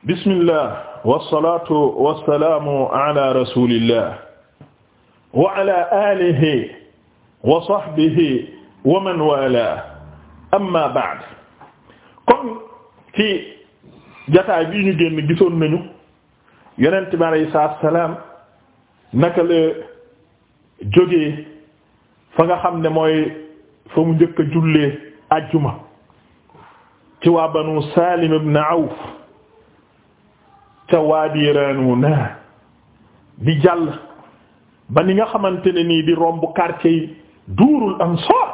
bismillah wasalaatu wasalaamu ala rasulillah wa ala alihi wa sahbihi wa man wala amma ba'd kon ci jataay bi ñu génn gisoon nañu yonent bi alayhi salaatu wa salaam naka la jógee fa nga xam ne mooy fa mu njëkk a jullee ajjuma ci waa banu Saalim ibn Awf ca waadi Ranuna di jàll ba ni nga xamante ne nii di romb quartier yi duurul ansaar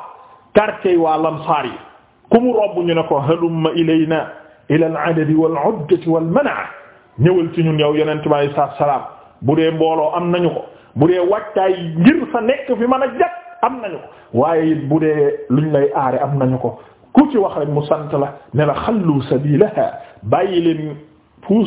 quartier yi waa lansaar yi ku mu romb ñu ne ko halumma ilayna ila al-adadi wal-uddati wal-man'a ñëwal ci ñun yow yonent bi alayhi salaam bu dee mbooloo am nañu ko bu dee wàccaay ngir sa nekk fi mën a am nañu ko waaye it bu dee luñ lay aare am nañu ko ku ci wax rek mu sant la ne la xallu sabilaha bàyyi leen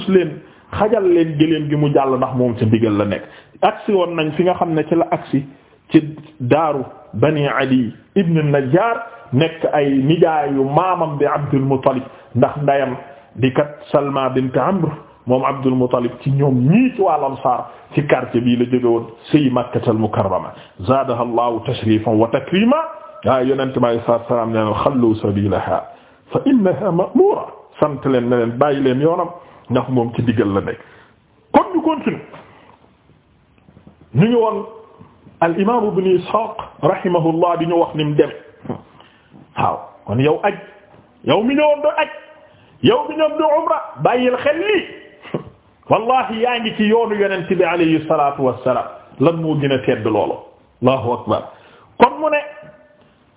leen xajal leen gëléem gi mu jàll ndax moom ci ndigal la nekk agsi woon nañ fi nga xam ne ci la agsi ci daaru bani ali ibn najjar nekk ay nijaayu maamam bi abdul muttalib ndax ndayam di kat salma bint amr moom abdul muttalib ci ñoom ñii ci wàllam saar ci quartier bii la jóge woon sëy makkatal mukarrama zaadaha allahu tashrifan wa takrima yaa yonente mi alei salatua salaam ne leen xallu sabilaha fa innaha ma'mura sant leen ne leen bàyyi leen yoonam ndax moom ci diggal la nekk kon ñu continue ñu ngi al imam ibn Ishaq rahimahullah di ñu wax ni mu dem waaw kon yow aj yow mi ñëwoon do aj yow mi ñëwoon do umra bàyyil xel lii wallahi yaa ngi ci yoonu yonent bi alayhi salatu wassalam lan moo gën a tedd loolu allahu akbar kon mu ne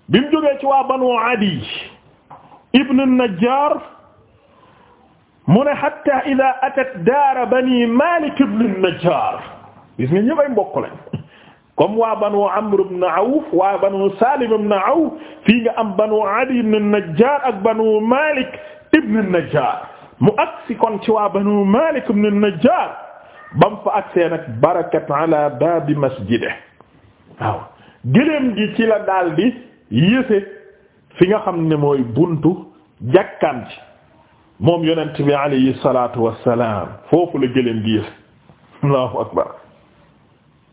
bi mu jógee ci wa banu Adi ibn an-Najjar mu ne hatta ida atat daara bani Malik ibn Najjar gis nga ñëpp ay mbokk lañ comme waa banu Amr ibn Awf waa banu Salim ibn Awf fii nga am banu Adi ibn Najjar ak banu Malik ibn Najjar mu agsi kon ci waa banu Malik ibn Najjar bam fa agsee nag barakat ala babi masjide waaw gi ci la daal di yése fi nga xam ne mooy buntu jàkkaam moom yonent bi alayhi salaatu wassalaam foofu la gëléem gi yës allahu akbar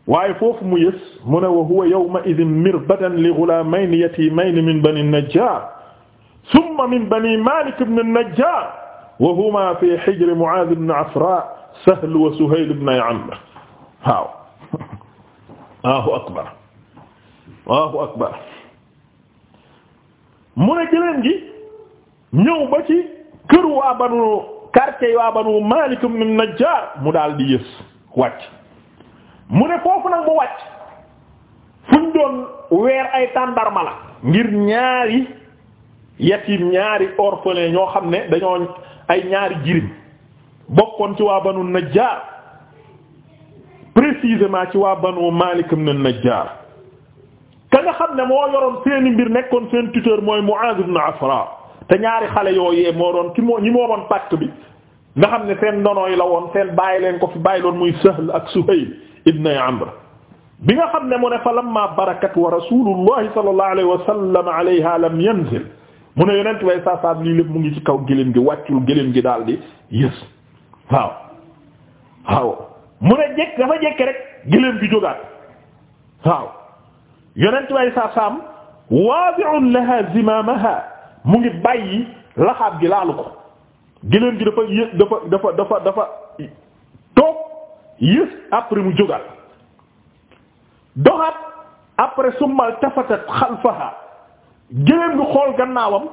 waaye foofu mu yës mu ne wa huwa yawma idin mirbadan li ghulamayn yatimayn min bani najjar thumma min bani malik ibn najjar wa huma fi hijr mu'adh ibn afra sahl wa suhayl ibn amr waaw allahu akbar allahu akbar mu ne gëléem gi ñëw ba ci kër waa banu quartier waa banu Malik ibn Najjar mu daal di yës wàcc mu ne foofu nag mu wàcc fu ñu doon weer ay tàndarma la ngir ñaari yatim ñaari orphelin ñoo xam ne dañoo ay ñaari jirim bokkoon ci waa banu Najjar précisément ci waa banu Malik ibn Najjar ka nga xam ne moo yoroon seeni mbir nekkoon seen tuteur mooy Muaz ibn Afra te ñaari xale yooyee moo doon ki moo ni ñi moomoon pacte bi nga xam ne seen nonooy la woon seen bàyyi leen ko fi bàyyi loon muy Sahl ak Suhayl ibn Amr bi nga xam ne mu ne fa lamma barakat wa rasulullahi sallallahu alayhi wa sallam alayha lam yanzil mu ne yonent way saasaam lii lépp mu ngi ci kaw gëléem gi wàccul gëléem gi daal di yës waaw waaw mu ne jekk dafa jekk rek gëléem gi jógaat waaw yonent way saasaam waadi'un laha zimaamaha mu ngi bàyyi laxaab gi laalu ko gëléem gi dafa yé dafa dafa dafa dafa toog yës après mu jógal doxaat après summal tafatat xalfaha gëléem gi xool gannaawam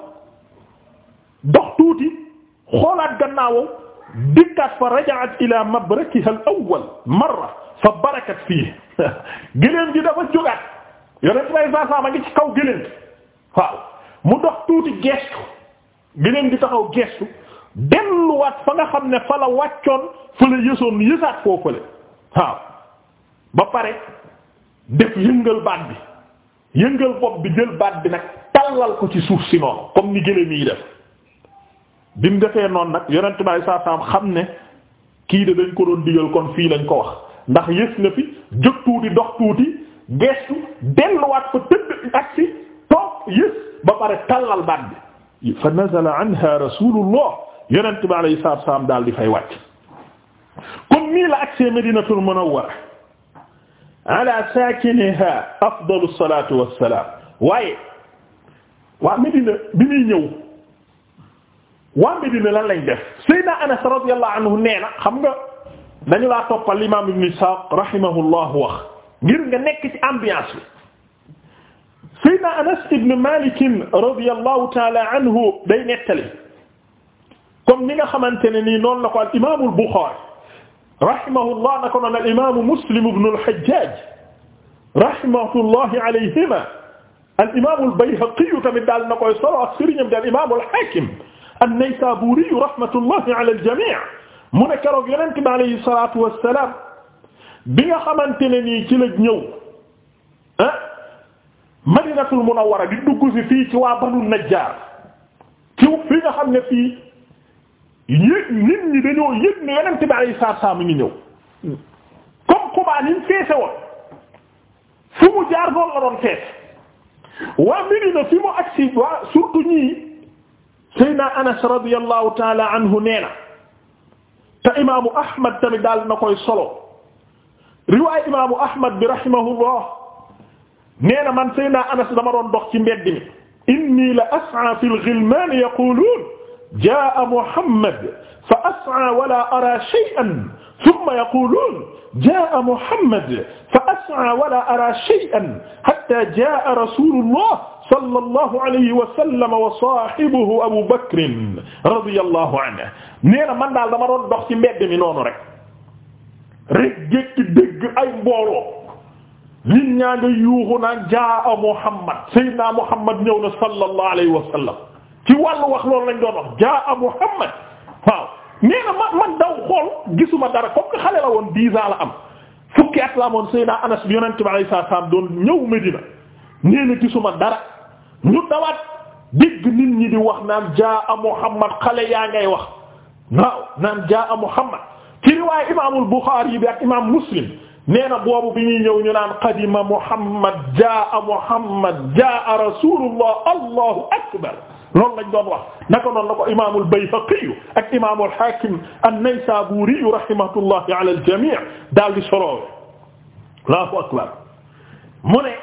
dox tuuti xoolaat gannaawam dikkaat fa rajaat ila mabrakiha al awwal marra fa barakat fii gëléem gi dafa jógaat yonent bay saa saa ma ngi ci kaw gëléem waaw mu dox tuuti gestu geneen di taxaw gestu delluwaat fa nga xam ne fa la wàccoon fa la yësoon yësaat foo fële waaw ba pare def yëngal baat bi yëngal bopp bi jël baat bi nag tallal ko ci suuf si noonu comme ni gëléem yi def bi mu defee noonu nag yonent baay saa saam xam ne kii de dañ ko doon digal kon fii lañ ko wax ndax yës na fi jóg tuuti dox tuuti gestu delluwaat fa tallal baat bi fa nazala anha rasulullah yonent bi alayhi salaatu salaam daal di fay wàcc comme nii la agsee Madinatul Munawwara ala saakiniha afdalu salaatu wassalaam waaye waa Medina bi muy ñëw waa Medina lan lañ def Seydina Anas radiyallahu anhu nee na xam nga dañu laa toppal imaam Ibn Isaaq rahimahullah wax ngir nga nekk ci ambiance bi Seydina Anas ibn Malik radiyallahu ta'ala anhu day nettali comme ni nga xamante ne nii noonu la ko al imaam al Bukhari rahimahullah na ko noon al imaam Muslim ibn al Hajjaj rahimahullah alayhima al imaam al Bayhaqi tamit daal na koy solo ak sëriñam di al imaam al Hakim an-Naysaburi rahmatullah ala al jami' mu ne keroog Yonent bi alayhi salaatu wa salaam bi nga xamante ne nii ci la ñëw ah. madinatul munawwara di dugg si fii ci waa banu najjaar fi nga xam ne fii yéeg nit ñi dañoo yéeg ne yonent bi alayhi salaatu salaam mi ngi ñëw comme Quba feese woon fu mu jaar noonu la doon fees taala anhu nee na te imaamu Ahmad tamit daal na koy solo riwaay imaamu Ahmad bi rahimahullah nee na man Seydina Anas dama doon dox ci mbedd mi inni la as'a fil ghilman yaqulun jaa Muhammad fa as'a wala ara shay'an thumma yaqulun jaa Muhammad fa as'a wala ara shay'an hatta jaa rasulullah sallallahu alayhi wa sallam wa saahibuhu Abu Bakr radiyallahu anhu nee na man daal dama doon dox ci mbedd mi noonu rek rek jékki dégg ay mbooloo nit ñaa nga yuuxu naan jaa a Muhammad Seydina Muhammad ñëw na sallallahu alayhi wa sallam ci wàllu wax loolu lañ doon wax jaa a Muhammad waaw na man man daw xool gisuma dara comme que xale la woon dix am fukki at la amoon Seydina Anas bi yonent bi alayhi salaam doon ñëw Medina nee na gisuma dara ñu dawaat dégg nit ñi di wax naan jaa a Muhammad xale yaa ngay wax waaw naan jaa a Muhammad ci riwaaya imaamul Buxaari bi ak imaam Muslim nee na boobu bi ñuy ñu naan qadima Muhammad jaa Muhammad jaa rasulullah allahu akbar loolu lañ doon wax naka noonu la ko imaamul Bayhaqi ak imaamul Hakim an-Naysaburi rahimatullahi ala al daal di solo allahu akbar mu ne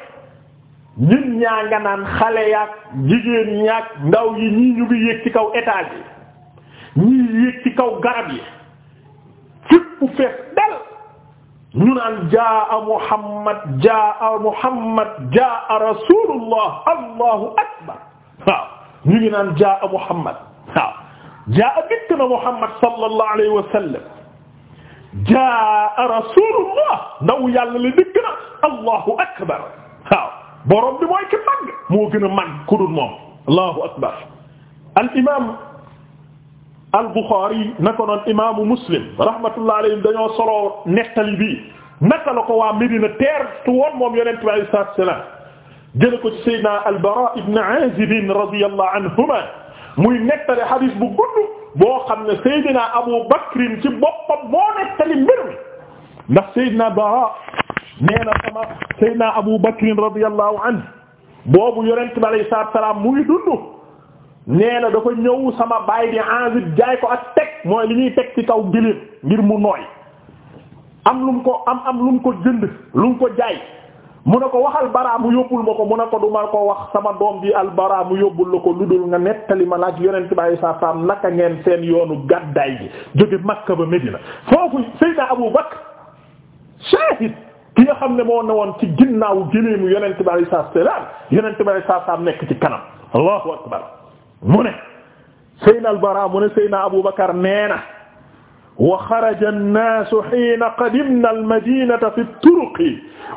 ñun ñaa nga naan xale yaak jigéen ñaak ndaw yi ñii ñu ngi yéeg ci kaw étage yi ñii yéeg ci kaw garab dal ñu naan jaa Muhammad jaa Muhammad jaa rasulullah allahu akbar waaw ñu ngi naan jaa Muhammad waaw jaa dikk na Muhammad sallallahu alayhi wa sallam jaa rasulullah ndaw yàlla la dikk na allahu akbar waaw borom bi mooy ki màgg moo gën a màgg ku dul moom allahu akbar al imam al-Bukhari naka noon imaamu Muslim rahmatullah alayhim dañoo soloo nettali bi naka la ko waa Medina teertu woon moom yonent bi alayhi salaatu wa salaam jële ko ci Seydina al-Baraa ibn Aazib radiyallahu anhuma muy nettali hadis bu gudd boo xam ne Seydina Abu Bakr ci boppam moo nettali mbir mi ndax Seydina Baraa nee na sama Seydina Abu Bakr radiyallahu anhu boobu yonent bi alayhi salaatu wa salaam mu ngi dund nee na dafa ñëw sama baay di Aazib jaay ko ak teg mooy li ñuy teg ci kaw giléem ngir mu nooy am lu mu ko am am lu mu ko jënd lu mu ko jaay mu ne ko waxal baraa mu yóbbul ma ko mu ne ko du ma ko wax sama doom gi al baraa mu yóbbul la ko lu dul nga nettali ma laaj yonent bi saa saam naka ngeen seen yoonu gàddaay gi jóge Makka ba Medina foofu Seydina Abu Bakr shahid ki nga xam ne moo ne woon ci ginnaawu géléemu yonent bi saa salaam yonent bi saa saam nekk ci kanam allahu mu ne Seydina al-Bara mu ne Seydina Abu Bakar nee na wa xaraja an-naasu hiina qadimna al-madiinata fi at-turuqi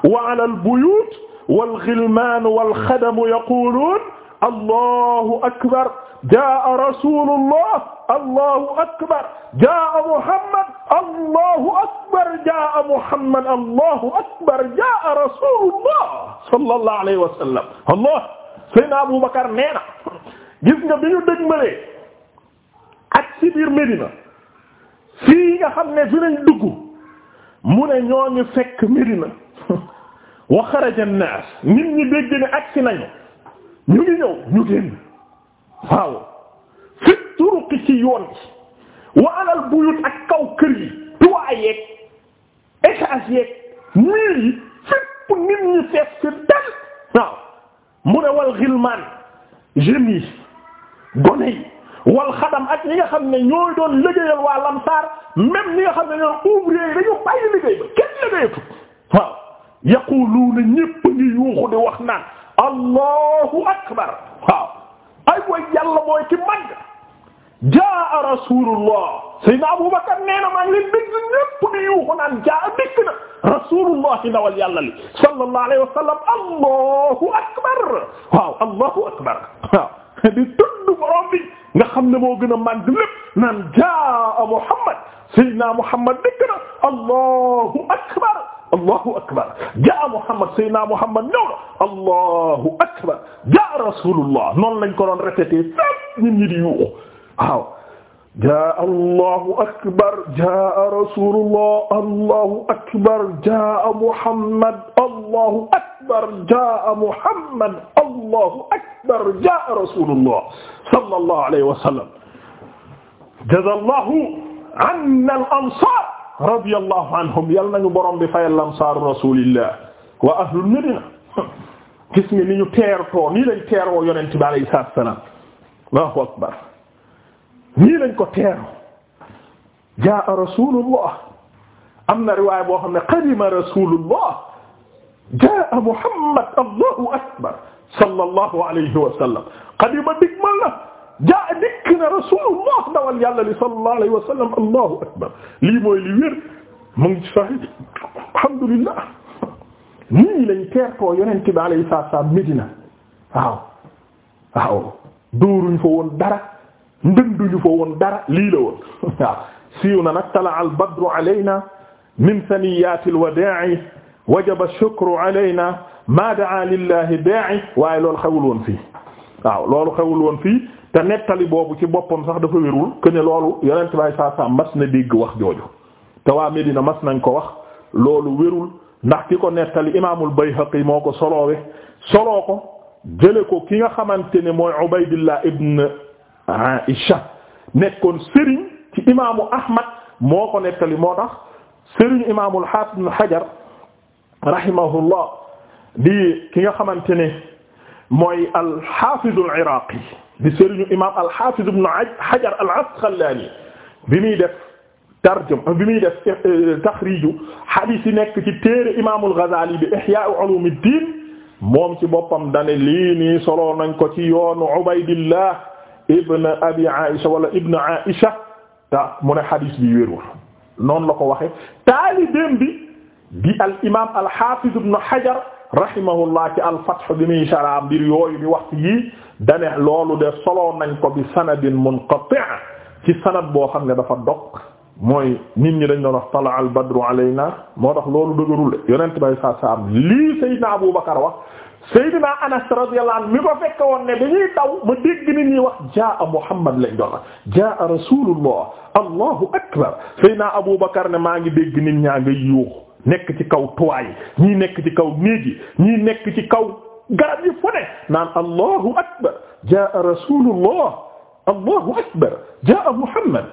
wa ala al-buyuut wal-ghilmaan wal-xadamu yaquuluun allahu akbar jaa rasuulullah allahu akbar jaa muhammad allahu akbar jaa muhammad allahu akbar jaa rasuulullah sallallahu alayhi wa sallam allah Seydina Abu Bakar nee na gis nga bi ñu dëj malee ak ci biir Medina fii nga xam ne fi lañ dugg mu ne ñoo ñu fekk Medina wa xaraja nit ñi dégg ne agsi nañu ñu ngi ñëw ñu génn waaw fi turuqi ci yoon bi wa alal buyut ak kaw kër yi toit yeeg étage yeeg miir yi fépp nit ñi fees ci dal waaw mu ne wal xilmaan jeunes gone yi wal xadam ak ñi xam ne ñooy doon liggéeyal waa lamsaar même ñi nga xam ne ñooy ouvrier yi dañu bàyyi liggéey ba kenn liggéeyatu waaw yaquluuna ñépp ngi yuuxu di wax naan allahu akbar waaw ay booy yàlla booy ci mag jaa rasulullah sayyidina abubakar nee na maa ngi leen dégg ñépp di yuuxu naan jaa dikk na rasulullah ndawal yàlla li akbar waaw allahu akbar waaw di tudd borom nga xam ne moo gën a màgg lépp naan jaa Muhammad sayyidina Muhammad dikk na akbar Allahu akbar jaa Muhammad sayyidina Muhammad ñëw na akbar jaa Rasulullah noonu lañ ko doon répété akbar jaa Rasulullah Allahu akbar jaa Muhammad allahu akbar jaa rasulullah sallallahu alayhi wa sallam jaza allahu anna al ansar radiyallahu anhum yal nañu borom bi fayal ansar rasulillah wa ahlul madina gis nga ni ñu teertoo nii lañ teeroo yonent bi alayhi salaatu wa salaam allahu akbar nii lañ ko teeroo jaa rasulullah am na riwaay boo xam ne qadima rasulullah jaa muhammad allahu akbar sallallahu alayhi wa sallam qadima dikmal la jaa dikk na rasulullah dawal yàlla li sallallahu alayhi wa sallam allahu akbar lii mooy li wér mu ngi ci sahih alhamdulillah nii lañ teertoo yonent bi alayhi salaam Medina waaw waaw dóoruñ fa woon dara ndënduñu fa woon dara lii la woon waaw siiw na nag tala al badru alayna min saniyati al wadaa'i wajaba ash-shukru alayna ma daa lillahi da'i waaye loolu xewul woon fii waaw loolu xewul woon fii te nettali boobu ci boppam sax dafa wérul que loolu yonent bay saa saa mas na dégg wax jooju te waa Medina mas nañ ko wax loolu wérul ndax ki ko nettali imaamul Bayhaqi moo ko soloowe soloo ko jële ko ki nga xamante ne mooy Ubaydillah ibn Aisha nekkoon sëriñ ci imaamu Ahmad moo ko nettali moo tax sëriñ imaamul Hafiz ibn Hajar rahimahullah di ki nga xamante ne mooy alxafizu al-Iraqi di sëriñu imam alxafiz ibn Hajar al-Asqalani bi muy def tarjum bi muy def eh, eh, taxriju hadith yi nekk ci téere imam al-Ghazali bi Ihya Ulumuddin moom ci boppam dane lii nii soloo nañ ko ci yoonu Ubaydillah ibn Abi Aisha ta mu ne hadith bi wérul noonu la ko waxe bi al imam alxafiz ibn Hajar rahimahullah ci al-Fath bi muy shara mbir yooyu bi wax yi dane loolu de solo nañ ko bi sanadin munqati' ci sanad boo xam ne dafa dog mooy nit ñi dañ doon wax tala al badru alayna moo tax loolu dëgërul yonent bay saa saa am lii Seydina Abu Bakar wax Seydina Anas radiyallahu jaa Muhammad lañ akbar Seydina Abu Bakar ne maa ngi dégg nit ñaa nekk ci kaw toit yi ñii nekk ci kaw néeg yi ñii nekk ci kaw garab yi fu ne naan allahu akbar jaa rasulullah allahu akbar akbar jaa muhammad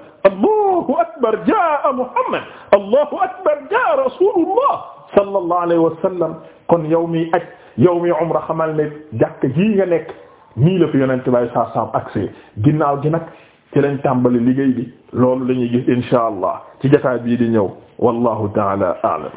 allahu akbar jaa rasulullah sallallahu alayhi wa sallam kon yow miy ak yow miy umra xamal ne jàkk jii nga nekk nii la fi yonente bay saa ak accès ginnaaw gi nag ci lañ tàmbali liggéey bi loolu la ñuy gis inshaa allah ci jotaay bii di ñëw wallahu ta'ala a'lam